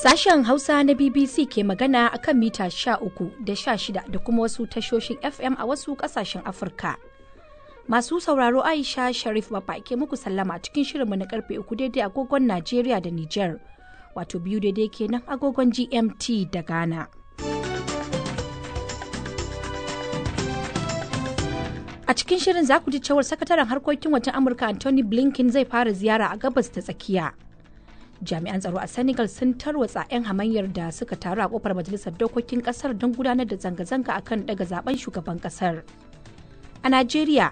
Sashen Hausa na BBC ke magana a kan mita 13 da sha-shida da kuma wasu tashoshin FM a wasu ƙasashen Afirka. Masu sauraro Aisha Sharif Baba ke muku sallama cikin shirinmu na karfe uku daidai agogon Najeriya da Nijar, wato biyu daidai kenan agogon GMT da Ghana. A cikin shirin za ku ji cewar sakataren harkokin wajen Amurka Anthony Blinken zai fara ziyara a gabas ta tsakiya. Jami'an tsaro a Senegal sun tarwatsa 'yan hamayyar da suka taru a kofar majalisar dokokin kasar don gudanar da zanga-zanga akan daga zaben shugaban kasar. A Najeriya,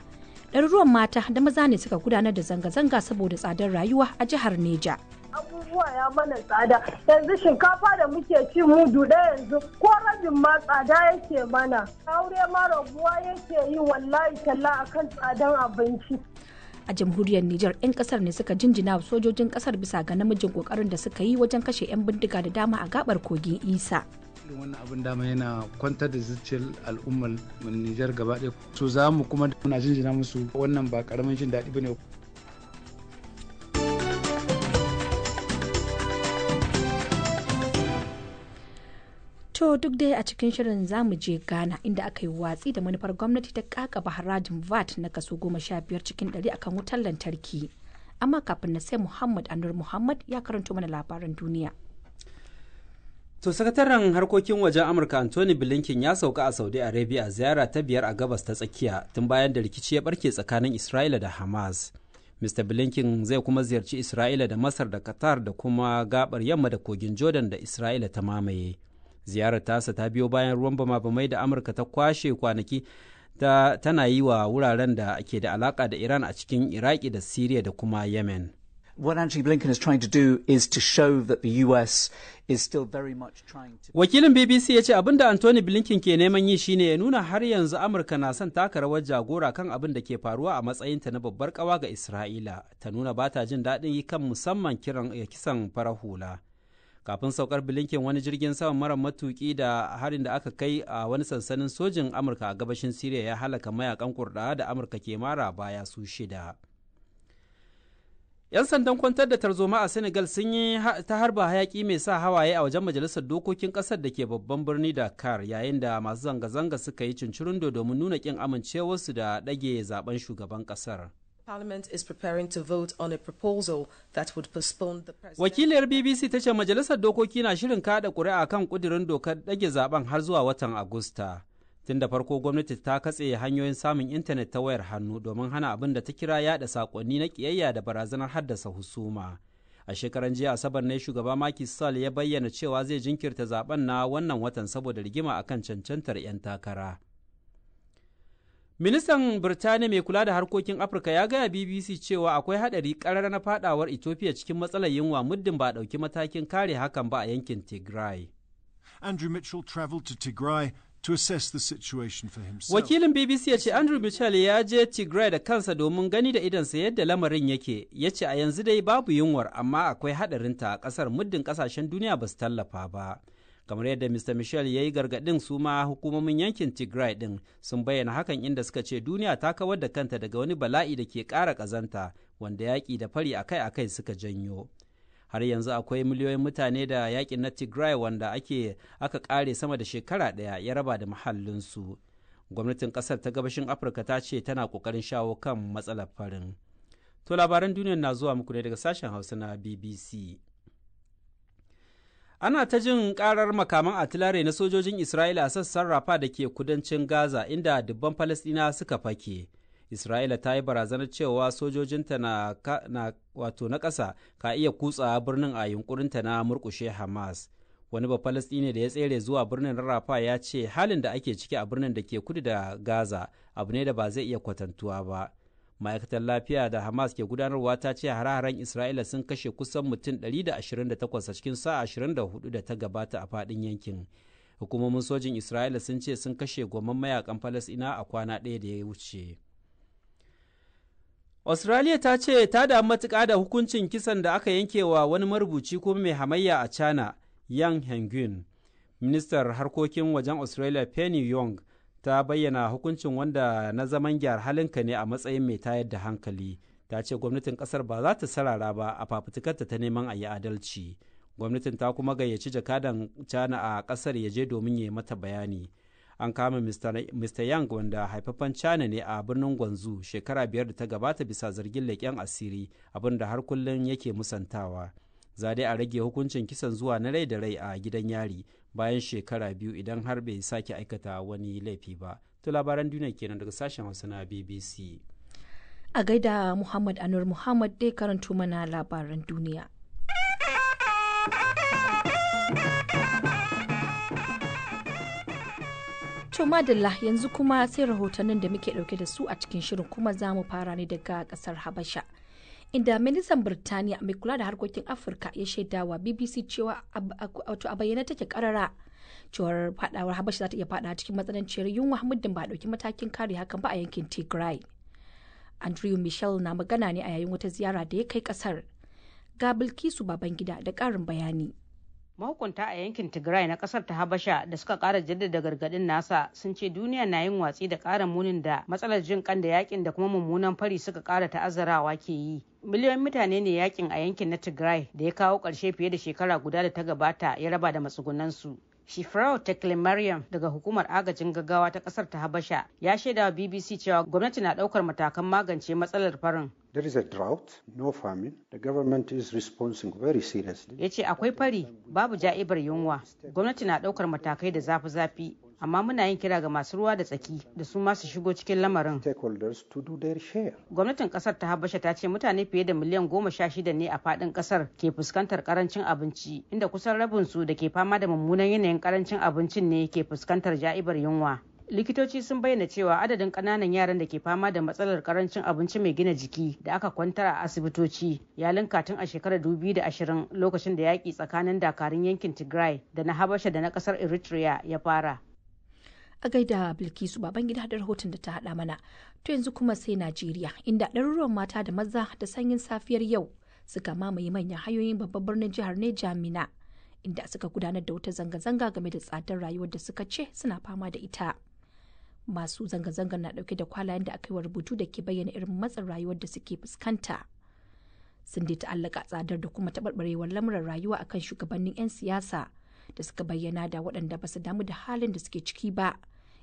ɗaruruwan mata da maza ne suka gudanar da zanga-zanga saboda tsadar rayuwa a jihar Neja. abubuwa ya mana tsada yanzu shinkafa da muke ci mudu ɗaya yanzu ko rabin ma tsada yake mana aure ma rabuwa yake yi wallahi talla akan tsadan abinci a jamhuriyar Nijar 'yan kasar ne suka jinjina sojojin kasar bisa ga namijin kokarin da suka yi wajen kashe 'yan bindiga da dama a gabar kogin Isa. wannan abin dama yana kwantar da zuciyar al'ummar Nijar gaba ɗaya. su za mu kuma muna jinjina musu wannan ba karamin jin daɗi bane To duk dai a cikin shirin zamu je Ghana inda aka yi watsi da manufar gwamnati ta kaka harajin VAT na kaso goma sha biyar cikin ɗari akan wutar lantarki. Amma kafin na sai Muhammad Anur Muhammad ya karanto mana labaran duniya. To sakataren harkokin wajen Amurka Anthony Blinken ya sauka a Saudi Arabia a ziyara ta biyar a gabas ta tsakiya tun bayan da rikici ya barke tsakanin Isra'ila da Hamas. Mr. Blinken zai kuma ziyarci Isra'ila da Masar da Qatar da kuma gabar yamma da kogin Jordan da Isra'ila ta mamaye. ziyarar tasa ta biyo bayan ruwan bama-bamai da amurka ta kwashe kwanaki ta tana yi wa wuraren da ke da alaka da iran a cikin iraki da syria da kuma yemen What Antony Blinken is trying to do is to show that the US is still very much trying to... Wakilin BBC ya ce abin da Anthony Blinken ke neman yi shine ya nuna har yanzu Amurka na son taka rawar jagora kan abin da ke faruwa a matsayinta na babbar kawa ga Isra'ila, ta nuna ba ta jin daɗin yi kan musamman kiran kisan farar hula. kafin saukar bilinkin wani jirgin sama mara matuki da harin da aka kai a wani sansanin sojin amurka a gabashin siriya ya halaka mayakan kurda da amurka ke mara baya su shida yan sandan kwantar da tarzoma a senegal sun yi ta harba hayaki mai sa hawaye a wajen majalisar dokokin kasar da ke babban birni da dakar yayin da masu zanga-zanga suka yi cincirindo domin nuna kin amincewarsu da ɗage zaben shugaban kasar Wakiliyar BBC ta ce Majalisar Dokoki na shirin kada ƙuri'a kan ƙudurin dokar dage zaben har zuwa watan Agusta. Tun da farko gwamnati ta katse hanyoyin samun intanet ta wayar hannu domin hana abin da ta kira yada sakonni na ƙiyayya da barazanar haddasa husuma. a shekaran jiya asabar ne shugaba Macky Sall ya bayyana cewa zai jinkirta zaben na wannan watan saboda rigima akan cancantar 'yan takara. Ministan Birtaniya mai kula da harkokin Afirka ya gaya BBC cewa akwai haɗari ƙarar na fadawar Ethiopia cikin matsalar yunwa muddin ba a ɗauki matakin kare hakan ba a yankin Tigray. Andrew Mitchell traveled to Tigray to assess the situation for himself. Wakilin BBC ya ce Andrew Mitchell ya je Tigray da kansa domin gani da sa yadda lamarin yake, ya ce a yanzu dai babu yunwar amma akwai haɗarinta a kasar muddin kasashen duniya ba su tallafa ba. kamar yadda mr michel ya yi gargaɗin su ma hukumomin yankin tigray ɗin sun bayyana hakan inda suka ce duniya ta kawar da kanta daga wani bala'i da ke ƙara ƙazanta wanda yaƙi da fari akai-akai suka janyo har yanzu akwai miliyoyin mutane da yaƙin na tigray wanda ake aka ƙare sama da shekara ɗaya ya raba da su gwamnatin ƙasar ta gabashin afirka ta ce tana ƙoƙarin shawo kan matsalar farin to labaran duniya na zuwa muku ne daga sashen hausa na bbc Ana ta jin ƙarar makaman atilare na sojojin Isra'ila a sassan rafa da ke kudancin Gaza inda dubban Falasɗina suka fake. Isra'ila ta yi barazanar cewa sojojinta na, na wato na ƙasa ka iya kutsa birnin a yunkurinta na murƙushe Hamas. Wani ba Bafalasɗini da ya tsere zuwa birnin Rafa ya ce halin da ake ciki a birnin da ke kudu da Gaza abu ne da ba zai iya kwatantuwa ba. ma'aikatar lafiya da hamas ke gudanarwa ta ce hare-haren isra'ila sun kashe kusan mutum 128 a cikin sa'a 24 da ta gabata a fadin yankin hukumomin sojin isra'ila sun ce sun kashe goma mayakan falasina a kwana ɗaya da ya wuce australia ta ce ta damu matuƙa da hukuncin kisan da aka yanke wa wani marubuci kuma mai hamayya a china yang hengun ministar harkokin wajen australia penny young ta bayyana hukuncin wanda na zaman gyar halinka ne a matsayin mai tayar da hankali ta ce gwamnatin kasar ba za ta sarara ba a fafutukarta ta neman a yi adalci gwamnatin ta kuma gayyaci jakadan cana a kasar ya je domin ya mata bayani an kama mr yang wanda haifafan cana ne a birnin gwanzu shekara biyar da ta gabata bisa zargin leƙen asiri abinda har kullum yake musantawa za a rage hukuncin kisan zuwa na rai da rai a gidan yari bayan shekara biyu idan har bai sake aikata wani laifi ba to labaran duniya kenan daga sashen wasu na bbc a gaida muhammad anur muhammad dai karanto mana labaran duniya To madalla yanzu kuma sai rahotannin da muke dauke da su a cikin shirin kuma za mu fara ne daga kasar Habasha. inda ministan Birtaniya mai kula da harkokin Afirka ya shaidawa BBC cewa wato a bayyana take karara cewar fadawar Habasha za ta iya fada cikin matsananciyar yunwa muddin ba dauki matakin kare hakan ba a yankin Tigray. Andrew Michel na magana ne a yayin wata ziyara da ya kai kasar. Ga Bilkisu Babangida da karin bayani. mahukunta a yankin tigray na kasar ta habasha da suka kara jaddada gargadin nasa sun ce duniya na yin watsi da kara munin da matsalar jin kan da yakin da kuma mummunan fari suka kara ta'azzarawa ke yi miliyoyin mutane ne yakin a yankin na tigray da ya kawo karshe fiye da shekara guda da ta gabata ya raba da matsugunansu Shifrau Teklemariam daga hukumar agajin gaggawa ta kasar ta Habasha ya shaidawa BBC cewa gwamnati na daukar matakan magance matsalar farin There is a drought, no famine. The government is responding very seriously. Ya ce akwai fari, babu ja'ibar yunwa. Gwamnati na ɗaukar matakai da zafi-zafi, amma muna yin kira ga masu ruwa da tsaki da su masu shigo cikin lamarin. Gwamnatin kasar ta Habasha ta ce mutane fiye da miliyan goma sha shida ne a faɗin kasar ke fuskantar karancin abinci, inda kusan rabin su da ke fama da mummunan yanayin karancin abincin ne ke fuskantar ja'ibar yunwa. likitoci sun bayyana cewa adadin kananan yaran da ke fama da matsalar karancin abinci mai gina jiki da aka kwantar a asibitoci ya linka tun a shekarar 2020 lokacin da yaƙi tsakanin dakarun yankin tigray da na habasha da na kasar eritrea ya fara a gaida bilkisu baban gida da rahoton da ta haɗa mana to yanzu kuma sai najeriya inda ɗaruruwan mata da maza da sanyin safiyar yau suka mamaye manyan hanyoyin babban birnin jihar neja mina inda suka gudanar da wata zanga-zanga game da tsadar rayuwar da suka ce suna fama da ita masu zanga zanga na ɗauke da kwalayen da aka yi wa rubutu da ke bayyana irin matsin rayuwar da suke fuskanta sun dai ta'allaka tsadar da kuma taɓarɓarewar lamuran rayuwa akan shugabannin 'yan siyasa da suka bayyana da waɗanda ba su damu da halin da suke ciki ba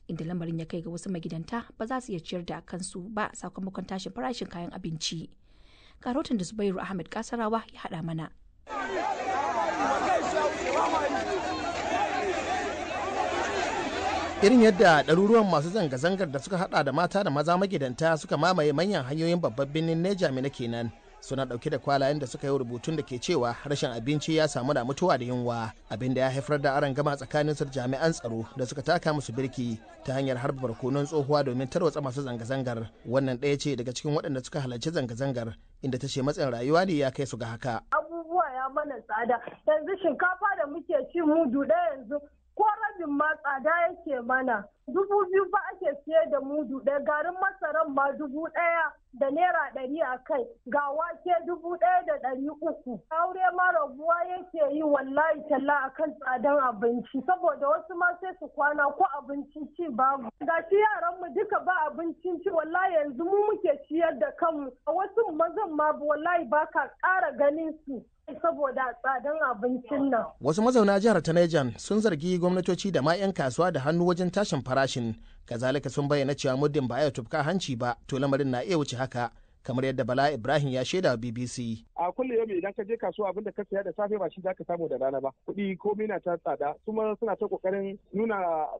inda lamarin ya kai ga wasu magidanta ba za su iya ciyar da kansu ba sakamakon tashin farashin kayan abinci karotin da zubairu ahmed kasarawa ya haɗa mana irin yadda ɗaruruwan masu zanga-zangar da suka hada da mata da maza magidanta suka mamaye manyan hanyoyin babban birnin neja mina kenan suna ɗauke da kwalayen da suka yi rubutun da ke cewa rashin abinci ya samu da mutuwa da yunwa abin da ya haifar da aron gama tsakanin su jami'an tsaro da suka taka musu birki ta hanyar harba barkonon tsohuwa domin tarwatsa masu zanga-zangar wannan ɗaya ce daga cikin waɗanda suka halarci zanga-zangar inda ta ce matsin rayuwa ne ya kai su ga haka abubuwa ya mana tsada yanzu shinkafa da muke ci mu ɗaya yanzu yajin ma tsada yake mana dubu biyu ba ake siye da mudu ɗaya garin masaran ma dubu ɗaya da naira ɗari a kai ga wake dubu ɗaya da ɗari uku aure ma rabuwa yake yi wallahi talla a kan tsadan abinci saboda wasu ma sai su kwana ko abincin ci babu ga shi yaranmu duka ba abincin ci wallahi yanzu mu muke ciyar da kanmu a wasu mazan ma wallahi ba ka ƙara ganin su saboda tsadan abincin nan. Wasu mazauna jihar ta Niger sun zargi gwamnatoci da ma 'yan kasuwa da hannu wajen tashin farashin. Kazalika sun bayyana cewa muddin ba a tufka hanci ba, to lamarin na iya wuce haka. kamar yadda Bala Ibrahim ya shaida BBC. A kulle yau idan ka je kasuwa abinda ka saya da safe ba shi zaka samu da rana ba. Kuɗi ko mina ta tsada kuma suna ta kokarin nuna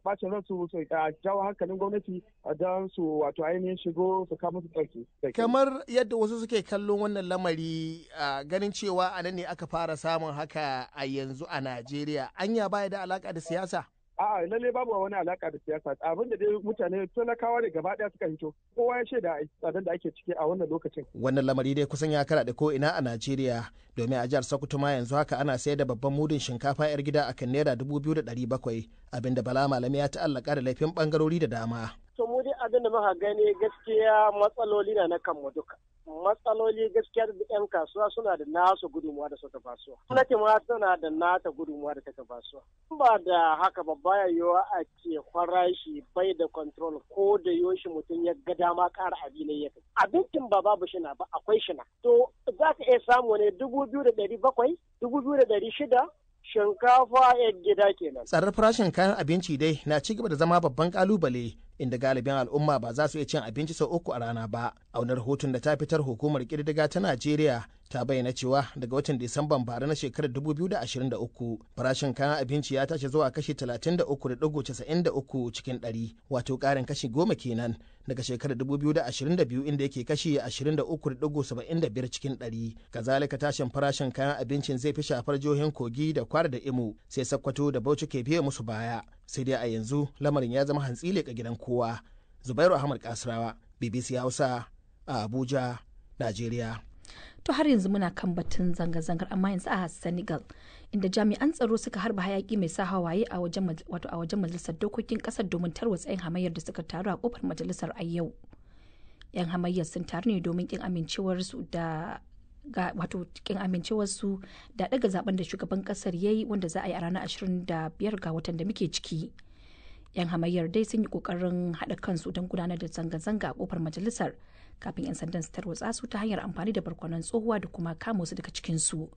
bacin ransu su jawo hankalin gwamnati don su wato ainihin shigo su kama su tsarki. Kamar yadda wasu suke kallon wannan lamari ganin cewa a nan ne aka fara samun haka a yanzu a Najeriya anya baya da alaka da siyasa. A'a lalle babu wani alaka da siyasa abin da dai mutane talakawa da gaba daya suka hito kowa ya shaida a tsadar da ake ciki a wannan lokacin. Wannan lamari dai kusan ya karaɗe ko ina a Najeriya domin a jihar Sokoto ma yanzu haka ana sayar da babban mudun shinkafa yar gida a kan naira dubu biyu da ɗari bakwai abin da Bala Malami ya ta'allaka da laifin bangarori da dama. To mu dai abin da muka gani gaskiya matsaloli na na kanmu duka. matsaloli gaskiya da 'yan kasuwa suna da nasu gudunmuwa da suka basuwa. Gwamnati ma tana da nata gudunmuwa da suka basuwa. Ba da haka ba baya yiwuwa a ce farashi bai da kontrol ko da yoshi mutum ya ga dama ƙara abin ya kai. Abincin ba babu shina ba akwai shina. To za ka iya samu ne dubu biyu da ɗari bakwai, dubu biyu da ɗari shida, shinkafa ya gida kenan. Tsarar farashin kayan abinci dai na ci gaba da zama babban ƙalubale. inda galibin al'umma ba za su iya cin abinci sau uku a rana ba aunar hutun da ta fitar hukumar kirdiga ta najeriya ta bayyana cewa daga watan disamban bara na shekarar 2023 farashin kayan abinci ya tashi zuwa kashi 33.93 cikin 100 wato ƙarin kashi goma kenan daga shekarar 2022 inda yake kashi 23.75 cikin 100 kazalika tashin farashin kayan abincin zai fi shafar jihohin kogi da kwara da imo sai sakkwato da bauchi ke biye musu baya sai dai a yanzu lamarin ya zama hantsi ga gidan kowa zubairu ahmad kasarawa bbc hausa a abuja najeriya to har yanzu muna kan batun zanga-zangar amma yanzu a senegal inda jami'an tsaro suka harba hayaki mai sa hawaye a wajen majalisar dokokin kasar domin tarwatsa 'yan hamayyar da suka taru a kofar majalisar a yau 'yan hamayyar sun taru ne domin kin amincewarsu da ga wato kin amincewarsu da daga zaben da shugaban kasar ya yi wanda za a yi a ranar 25 ga watan da muke ciki yan hamayyar dai sun yi kokarin haɗa kansu don gudanar da zanga-zanga a kofar majalisar kafin 'yan sandan su tarwatsa su ta hanyar amfani da barkwanon tsohuwa da kuma kama su daga cikinsu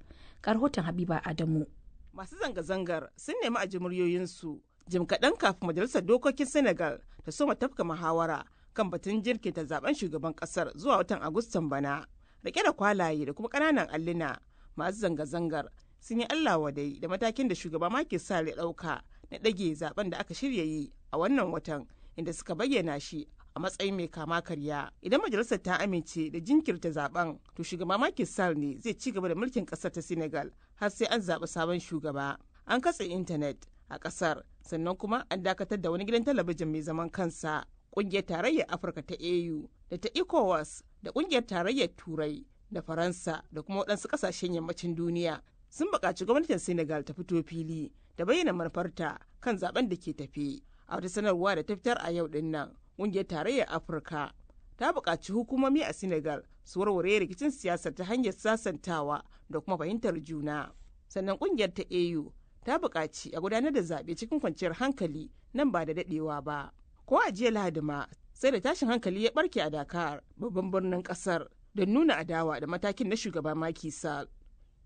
ga rahoton habiba adamu masu zanga-zangar sun nemi a su jim kaɗan kafin majalisar dokokin senegal ta soma tafka muhawara kan batun ta zaben shugaban ƙasar zuwa watan agustan bana rike da kwalaye da kuma ƙananan alluna masu zanga-zangar sun yi allah wadai da matakin da shugaba Macky Sall ya ɗauka na ɗage zaben da aka shirya yi a wannan watan inda suka bayyana shi a matsayin mai kama karya idan majalisar ta amince da jinkirta zaben to shugaba Macky Sall ne zai ci gaba da mulkin kasar ta Senegal har sai an zaɓi sabon shugaba an katse intanet a kasar sannan kuma an dakatar da wani gidan talabijin mai zaman kansa kungiyar tarayyar Afirka ta AU da ta ECOWAS da kungiyar tarayyar turai da faransa da kuma waɗansu ƙasashen yammacin duniya sun buƙaci gwamnatin senegal ta fito fili da bayyana manufarta kan zaben da ke tafi a wata sanarwa da ta fitar a yau din nan ƙungiyar tarayyar afirka ta buƙaci hukumomi a senegal su warware rikicin siyasar ta hanyar sasantawa da kuma fahimtar juna sannan kungiyar ta au ta buƙaci a gudanar da zaɓe cikin kwanciyar hankali nan ba da daɗewa ba ko a jiya lahadi ma sai da tashin hankali ya barke a Dakar babban birnin kasar don nuna adawa da matakin na shugaba makisa sal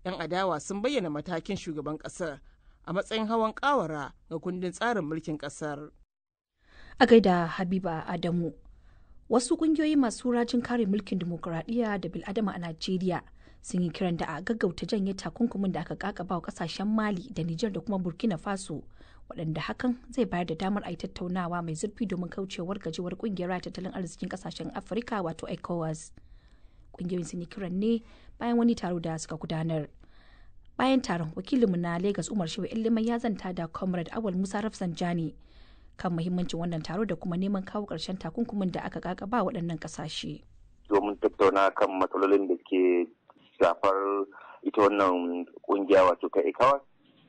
'Yan adawa sun bayyana matakin shugaban kasar a matsayin hawan kawara ga kundin tsarin mulkin kasar. A gaida Habiba Adamu, wasu kungiyoyi masu rajin kare mulkin dimokuraɗiyya da bil'adama a Najeriya sun yi kiran da a gaggauta janye takunkumin da aka kakaba wa kasashen Mali da Nijar da kuma Burkina Faso waɗanda hakan zai bayar da damar a yi tattaunawa mai zurfi domin kaucewar gajewar kungiyar tattalin arzikin kasashen afirka wato ecowas ƙungiyoyin sun yi kiran ne bayan wani taro da suka gudanar bayan taron wakilinmu na lagos umar shehu ilimin ya zanta da comrade awal musa rafsanjani kan muhimmancin wannan taro da kuma neman kawo ƙarshen takunkumin da aka kakaba waɗannan ƙasashe. domin tattauna kan matsalolin da ke shafar ita wannan kungiya wato ta ecowas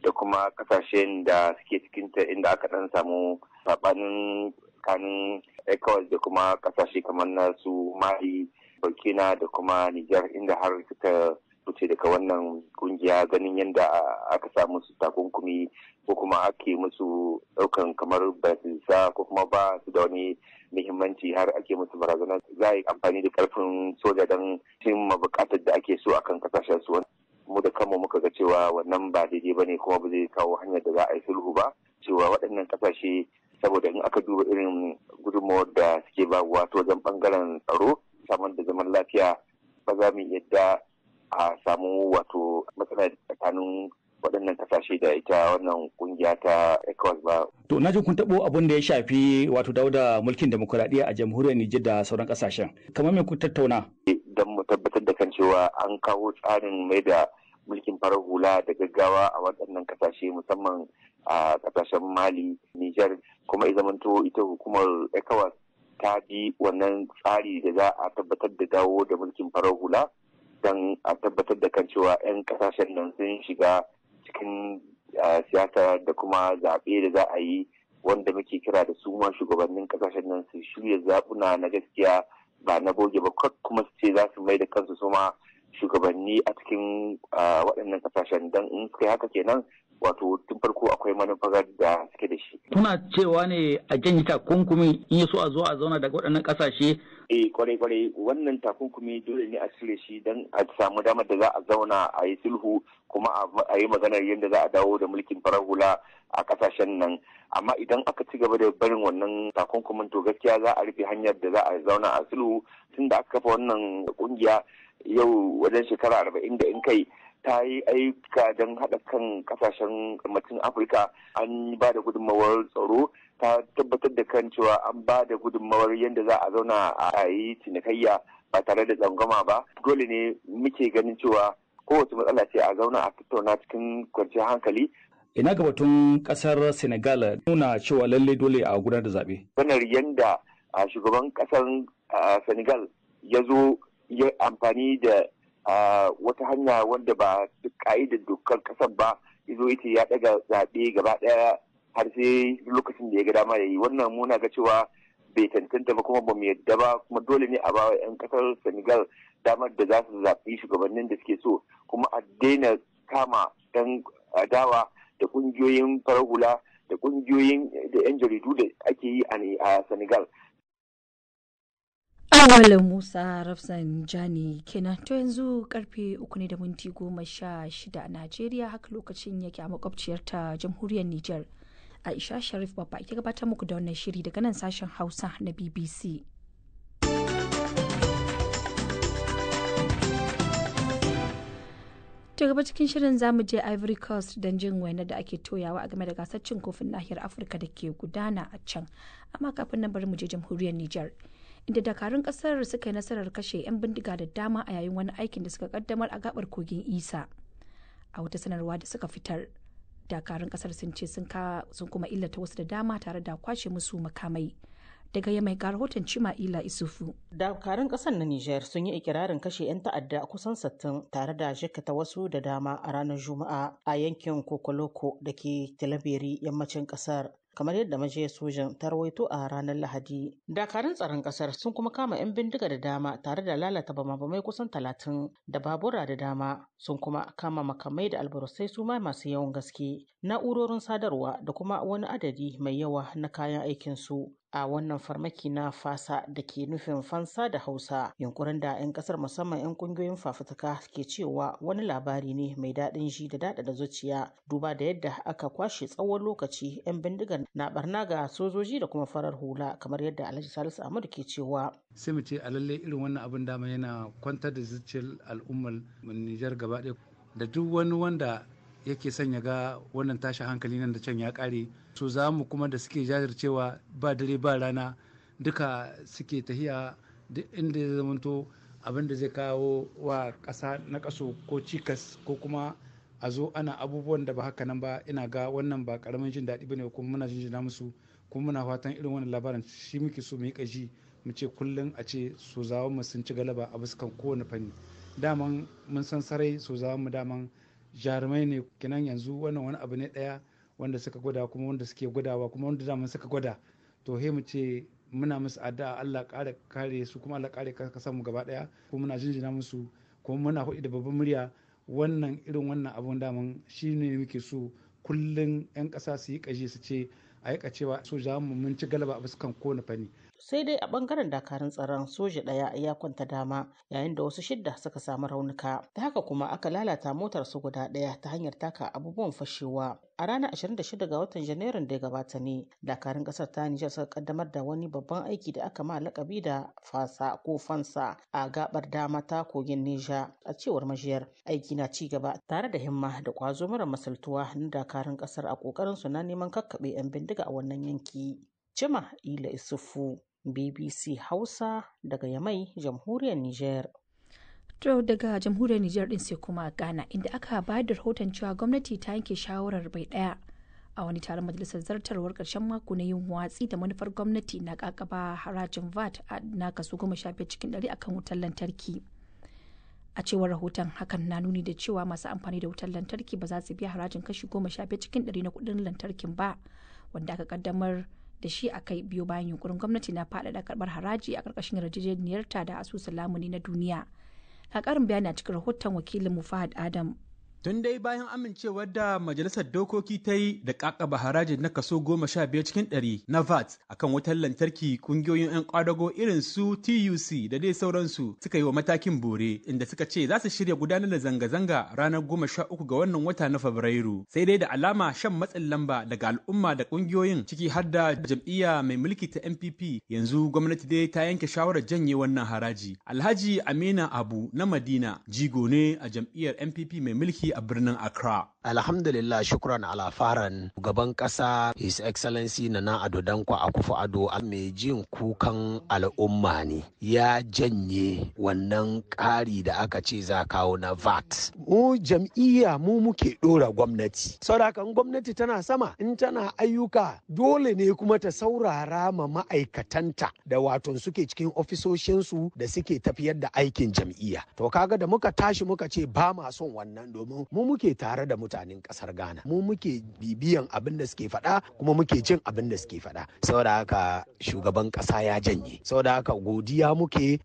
da kuma kasashen da suke cikinta inda aka dan samu sabanin kanin ECOWAS da kuma kasashe kamar nasu Mali, Burkina da kuma niger inda har suka wuce daga wannan kungiya ganin yadda aka samu su takunkumi ko kuma ake musu daukan kamar basisa ko kuma ba su da wani muhimmanci har ake musu barazana za a yi amfani da karfin soja don cimma bukatar da ake so akan kasashen su mu da kanmu muka ga cewa wannan ba daidai ba ne kuma ba zai kawo hanyar da za a yi sulhu ba cewa waɗannan ƙasashe saboda in aka duba irin gudunmawar da suke ba wato wajen ɓangaren tsaro samar da zaman lafiya ba za mu yadda a samu wato matsala tsakanin waɗannan kasashe da ita wannan kungiya ta ECOWAS ba. To na ji kun taɓo abin da ya shafi wato dawo mulkin demokuraɗiyya a jamhuriyar Nijar da sauran kasashen. Kamar me kun tattauna? Don mu tabbatar da kan cewa an kawo tsarin mai da mulkin farar hula da gaggawa a waɗannan kasashe musamman a kasashen Mali, Nijar kuma zamanto ita hukumar ECOWAS ta bi wannan tsari da za a tabbatar da dawo da mulkin farar hula don a tabbatar da kan cewa 'yan kasashen nan sun shiga cikin siyasa da kuma zaɓe da za a yi wanda muke kira da su ma shugabannin kasashen nan su shirya zaɓuna na gaskiya ba na boge ba kuma su ce za su mai da kansu su ma shugabanni a cikin waɗannan kasashen don in suka yi haka kenan wato tun farko akwai manufa da suke da shi. Kuna cewa ne a janye takunkumi in yi so a zo a zauna daga waɗannan ƙasashe eh kwarai kwarai wannan takunkumi dole ne a cire shi don a samu damar da za a zauna a yi sulhu kuma a yi maganar yadda za a dawo da mulkin farar hula a ƙasashen nan amma idan aka ci gaba da barin wannan takunkumin to gaskiya za a rufe hanyar da za a zauna a sulhu tun da aka kafa wannan ƙungiya yau wajen shekara arba'in da in kai ta yi ayyuka don haɗa kan kasashen yammacin afirka an ba da gudunmawar tsaro ta tabbatar da kan cewa an ba da gudunmawar yadda za a zauna a yi cinikayya ba tare da tsangwama ba dole ne muke ganin cewa kowace matsala ce a zauna a tattauna cikin kwanciyar hankali ina ga batun kasar senegal nuna cewa lalle dole a gudanar da zaɓe sanar yadda shugaban kasar senegal ya zo ya amfani da wata hanya wanda ba duk ka'idar dokar kasar ba izo ita ya daga zaɓe gaba ɗaya har sai lokacin da ya ga dama ya yi wannan muna ga cewa bai tantanta ba kuma ba mu yadda ba kuma dole ne a bawa 'yan kasar senegal damar da za su zaɓi shugabannin da suke so kuma a daina kama 'yan adawa da ƙungiyoyin farar hula da ƙungiyoyin da 'yan jaridu da ake yi a senegal awalin musa rafsanjani kenan to yanzu karfe uku ne da minti goma sha shida a najeriya haka lokacin yake a makwabciyar ta jamhuriyar nijar aisha sharif babba ke gabatar muku da wannan shiri daga nan sashen hausa na bbc ta gaba cikin shirin zamu je ivory coast don jin waina da ake toyawa a game da gasar cin kofin nahiyar afirka da ke gudana a can amma kafin nan bari mu je jamhuriyar niger inda dakarun kasar suka yi nasarar kashe 'yan bindiga da dama a yayin wani aikin da suka kaddamar a gabar kogin isa a wata sanarwa da suka fitar dakarun kasar sun ce sun kuma illata wasu da dama tare da kwashe musu makamai daga ya mai rahoton cima ila isufu dakarun kasar na niger sun yi ikirarin kashe 'yan ta'adda kusan sattin tare da jikata wasu da dama a ranar juma'a a yankin kokoloko da ke talabiri yammacin kasar kamar yadda majiyar sojan ta rawaito a ranar Lahadi. Dakarun tsaron kasar sun kuma kama 'yan bindiga da dama tare da lalata bama-bamai kusan talatin da babura da dama sun kuma kama makamai da albarusai su ma masu yawan gaske, na'urorin sadarwa da kuma wani adadi mai yawa na kayan aikinsu. a wannan farmaki na fasa da ke nufin fansa da hausa yunkurin da 'yan kasar musamman 'yan kungiyoyin fafutuka ke cewa wani labari ne mai daɗin ji da da zuciya duba da yadda aka kwashe tsawon lokaci 'yan bindigar na barna ga sojoji da kuma farar hula kamar yadda alhaji salisu amadu ke cewa sai mu ce a lalle irin wannan abin dama yana kwantar da zuciyar al'ummar nijar gaba da duk wani wanda yake sanya ga wannan tashi hankali nan da can ya kare su za mu kuma da suke jajircewa ba dare ba rana duka suke tahiya duk inda ya zamanto abin da zai kawo wa ƙasa na kaso ko cikas ko kuma a zo ana abubuwan da ba haka nan ba ina ga wannan ba karamin jin daɗi bane kuma muna jinjina musu kuma muna fatan irin wannan labarin shi muke so mu yi kaji mu ce kullum a ce zawon mu sun ci galaba a fuskan kowane fanni daman mun san sarai zawon mu daman jarumai ne kenan yanzu wannan wani abu ne daya wanda suka gwada kuma wanda suke gwadawa kuma wanda daman suka gwada to he mu ce muna musu addu'a Allah kare kare su kuma Allah kare kasar mu gaba daya kuma muna jinjina musu kuma muna hudi da babban murya wannan irin wannan abun daman ne muke so kullum yan kasa su yi kaje su ce a yi cewa so mu mun ci galaba a fuskan kowane fani sai dai a bangaren dakarun tsaron soja daya ya kwanta dama yayin da wasu shidda suka samu raunuka ta haka kuma aka lalata motar su guda daya ta hanyar taka abubuwan fashewa a ranar 26 ga watan janairun da ya gabata ne dakarun kasar ta nijar suka kaddamar da wani babban aiki da aka ma lakabi da fasa ko fansa a gabar dama ta kogin nija a cewar majiyar aiki na ci gaba tare da himma da kwazo mara masaltuwa na dakarun kasar a kokarin su na neman kakkaɓe 'yan bindiga a wannan yanki jima ila isufu BBC Hausa daga Yamai, Jamhuriyar Nijar. To daga Jamhuriyar Nijar din sai kuma Ghana inda aka bayar da rahoton cewa gwamnati ta yanke shawarar bai daya a wani taron majalisar zartarwar karshen mako na yin watsi da manufar gwamnati na kakaba harajin VAT na kaso goma sha cikin ɗari akan wutar lantarki. A cewar rahoton hakan na nuni da cewa masu amfani da wutar lantarki ba za su biya harajin kashi goma sha cikin ɗari na kuɗin lantarkin ba wanda aka kaddamar da shi a kai biyo bayan yunkurin gwamnati na faɗaɗa karɓar haraji a ƙarƙashin yarjejeniyarta da asusun lamuni na duniya. a ƙarin bayani a cikin rahoton wakilin mu Fahad Adam. Tun dai bayan amincewar da Majalisar Dokoki ta yi da ƙaƙaba harajin na kaso goma sha biyar cikin ɗari na VAT kan wutar lantarki ƙungiyoyin 'yan ƙwadago irin su TUC da dai sauransu suka yi wa matakin bore inda suka ce za su shirya gudanar da zanga-zanga ranar goma sha uku ga wannan wata na Fabrairu. Sai dai da alama shan matsin lamba daga al'umma da ƙungiyoyin ciki har da jam'iyya mai mulki ta NPP yanzu gwamnati dai ta yanke shawarar janye wannan haraji. Alhaji Amina Abu na Madina jigo ne a jam'iyyar NPP mai mulki a birnin Accra. Alhamdulillah shukran ala faran gaban ƙasa His Excellency Nana Ado Dankwa Akufo Ado mai jin kukan al'umma ne ya janye wannan ƙari da aka ce za kawo na VAT. Mu jam'iyya mu muke ɗora gwamnati. Saurakan gwamnati tana sama in tana ayyuka dole ne kuma ta saurara ma ma'aikatanta da waton suke cikin ofisoshinsu da suke tafiyar da aikin jam'iyya. To kaga da muka tashi muka ce ba ma son wannan domin mu mu muke tare da mutanen kasar Ghana mu muke bibiyan abin da suke faɗa kuma muke cin abin da suke faɗa saboda haka shugaban ƙasa ya janye saboda haka godiya muke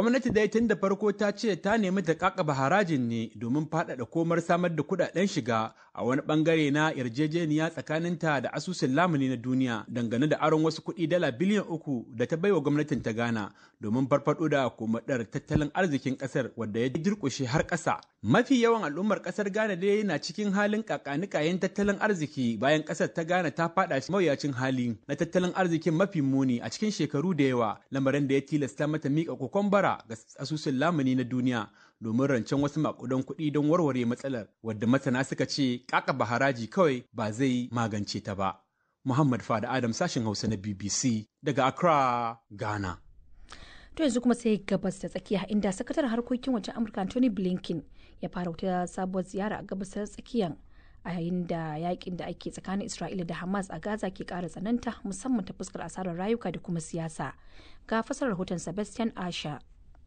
Gwamnati dai tun da farko ta ce ta nemi ta kakaba harajin ne domin faɗaɗa komar samar da kuɗaɗen shiga a wani ɓangare na yarjejeniya tsakaninta da asusun lamuni na duniya dangane da aron wasu kuɗi dala biliyan uku da ta baiwa gwamnatin ta Ghana domin farfaɗo da komadar tattalin arzikin ƙasar wadda ya durƙushe har ƙasa. Mafi yawan al'ummar ƙasar Ghana dai na cikin halin kakanikayen tattalin arziki bayan ƙasar ta Ghana ta faɗa mawuyacin hali na tattalin arzikin mafi muni a cikin shekaru da yawa lamarin da ya tilasta mata miƙa bara shekara ga asusun lamuni na duniya domin rancen wasu makudan kuɗi don warware matsalar wadda masana suka ce ƙaƙaba haraji kawai ba zai magance ta ba. Muhammad Fada Adam sashen Hausa na BBC daga Accra, Ghana. To yanzu kuma sai gabas da tsakiya inda sakataren harkokin wajen Amurka Tony Blinken ya fara wata sabuwar ziyara a gabas da a yayin da yakin da ake tsakanin Isra'ila da Hamas a Gaza ke kara tsananta musamman ta fuskar asarar rayuka da kuma siyasa. Ga fasarar rahoton Sebastian Asha.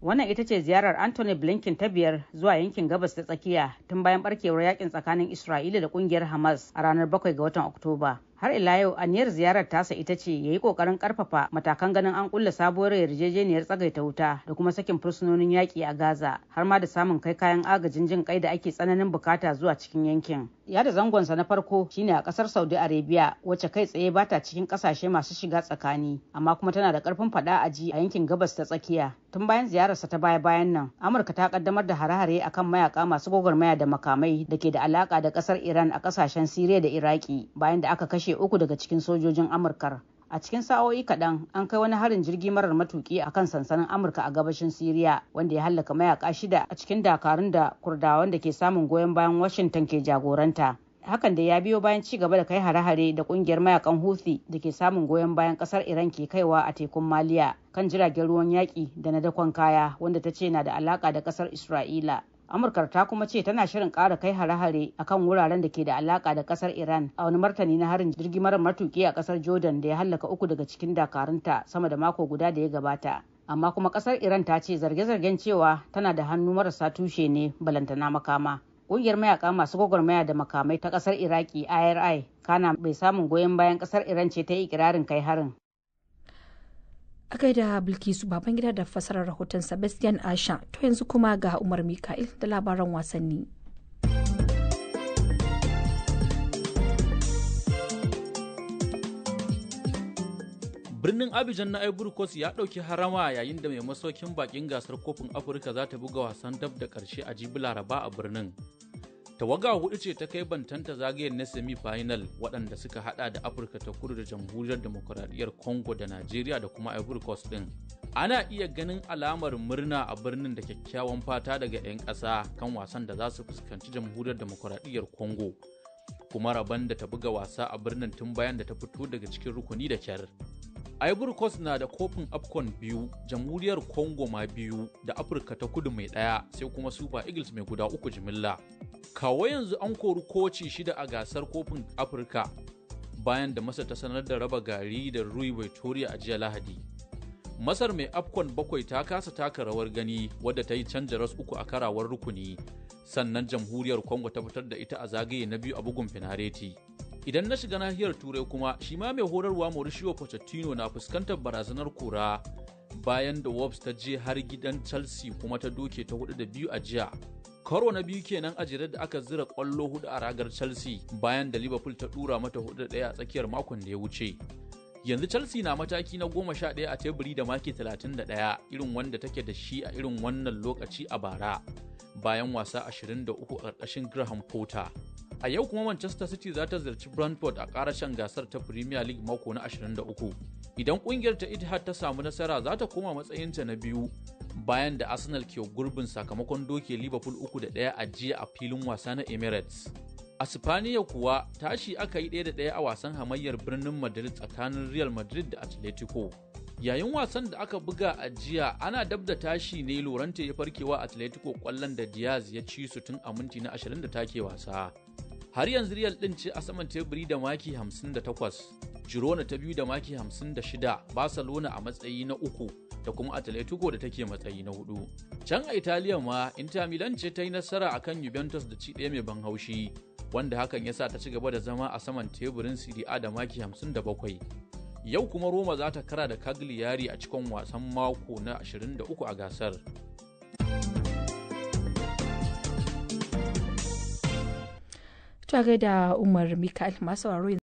Wannan ita ce ziyarar Anthony Blinken ta biyar zuwa yankin gabas ta tsakiya tun bayan barkewar yakin tsakanin Isra'ila da kungiyar Hamas a ranar 7 ga watan Oktoba. har ila yau aniyar ziyarar tasa ita ce ya yi kokarin karfafa matakan ganin an kulla sabuwar yarjejeniyar tsagaita wuta da kuma sakin fursunonin yaƙi a gaza har ma da samun kai kayan agajin jin kai da ake tsananin bukata zuwa cikin yankin ya da zangonsa na farko shine a kasar saudi arabia wacce kai tsaye bata cikin kasashe masu shiga tsakani amma kuma tana da karfin fada a ji a yankin gabas ta tsakiya tun bayan ziyararsa ta baya bayan nan amurka ta kaddamar da hare-hare akan mayaka masu gwagwarmaya da makamai da ke da alaka da kasar iran a kasashen siriya da iraki bayan da aka kashe kashe uku daga cikin sojojin amurkar a cikin sa'o'i kaɗan an kai wani harin jirgi marar matuki a kan sansanin amurka a gabashin siriya wanda ya hallaka mayaka shida a cikin dakarun da kurdawan da ke samun goyon bayan washington ke jagoranta hakan da ya biyo bayan ci gaba da kai hare-hare da kungiyar mayakan houthi da ke samun goyon bayan kasar iran ke kaiwa a tekun maliya kan jiragen ruwan yaƙi da na dakon kaya wanda ta ce na da alaƙa da kasar isra'ila amurka ta kuma ce tana shirin ƙara kai hare-hare akan wuraren da ke da alaka da kasar iran a wani martani na harin jirgin mara matuki a kasar jordan da ya hallaka uku daga cikin dakarunta sama da mako guda da ya gabata amma kuma kasar iran ta ce zarge-zargen cewa tana da hannu marasa tushe ne balantana makama ƙungiyar mayaka masu gwagwarmaya da makamai ta kasar iraki iri kana bai samun goyon bayan kasar iran ce ta yi ikirarin kai harin A gaida Bilkisu baban gida da fasarar rahoton Sebastian Asha to yanzu kuma ga Umar Mikail da labaran wasanni. birnin abidjan na ivory coast ya dauki harama yayin da mai masaukin bakin gasar kofin afirka za ta buga wasan dab da karshe a jibi laraba a birnin tawaga hudu ce ta kai bantanta zagayen na semi-final waɗanda suka hada da afirka ta kudu da jamhuriyar demokuraɗiyyar congo da najeriya da kuma ivory coast ɗin ana iya ganin alamar murna a birnin da kyakkyawan fata daga 'yan ƙasa kan wasan da za su fuskanci jamhuriyar demokuraɗiyyar congo kuma rabon da ta buga wasa a birnin tun bayan da ta fito daga cikin rukuni da kyar Ivory Coast na da kofin AFCON biyu, Jamhuriyar Congo ma biyu da Afirka ta Kudu mai ɗaya sai kuma Super Eagles mai guda uku jimilla. Kawo yanzu an kori koci shida a gasar kofin Afirka bayan da Masar ta sanar da raba gari da Rui Victoria a jiya Lahadi. Masar mai AFCON bakwai ta kasa taka rawar gani wadda ta yi canja ras uku a karawar rukuni, sannan Jamhuriyar Congo ta fitar da ita a zagaye na biyu a bugun finareti. Idan na shiga nahiyar Turai kuma shi ma mai horarwa Mauricio Pochettino na fuskantar barazanar kura bayan da Wolves ta je har gidan Chelsea kuma ta doke ta hudu da biyu a jiya. Karo na biyu kenan a da aka zira kwallo hudu a ragar Chelsea bayan da Liverpool ta dura mata hudu da daya a tsakiyar makon da ya wuce. Yanzu Chelsea na mataki na goma sha daya a teburi da maki talatin da daya, irin wanda take da shi a irin wannan lokaci a bara bayan wasa ashirin da uku a ƙarƙashin Graham Potter. A yau kuma Manchester City za ta ziyarci Brentford a karashen gasar ta Premier League mako na 23. Idan ƙungiyar ta Etihad ta samu nasara za ta koma matsayinta na biyu bayan da Arsenal ke gurbin sakamakon doke Liverpool uku da ɗaya a jiya a filin wasa na Emirates. A Sipaniya kuwa tashi aka yi ɗaya da ɗaya a wasan hamayyar birnin Madrid tsakanin Real Madrid da Atletico. Yayin wasan da aka buga a jiya ana dab da tashi ne Lorente ya farkewa Atletico kwallon da Diaz ya ci su tun a minti na 20 da take wasa. har yanzu real din ce a saman teburi da maki 58 girona ta biyu da maki 56 barcelona a matsayi na uku da kuma atletico da take matsayi na hudu can a italiya ma inter milan ce ta yi nasara akan juventus da ci ɗaya mai ban haushi wanda hakan ya sa ta ci gaba da zama a saman teburin serie da maki 57 yau kuma roma za ta kara da cagliari a cikin wasan mako na 23 a gasar Tuwa da Umar Mika'il masu sauraro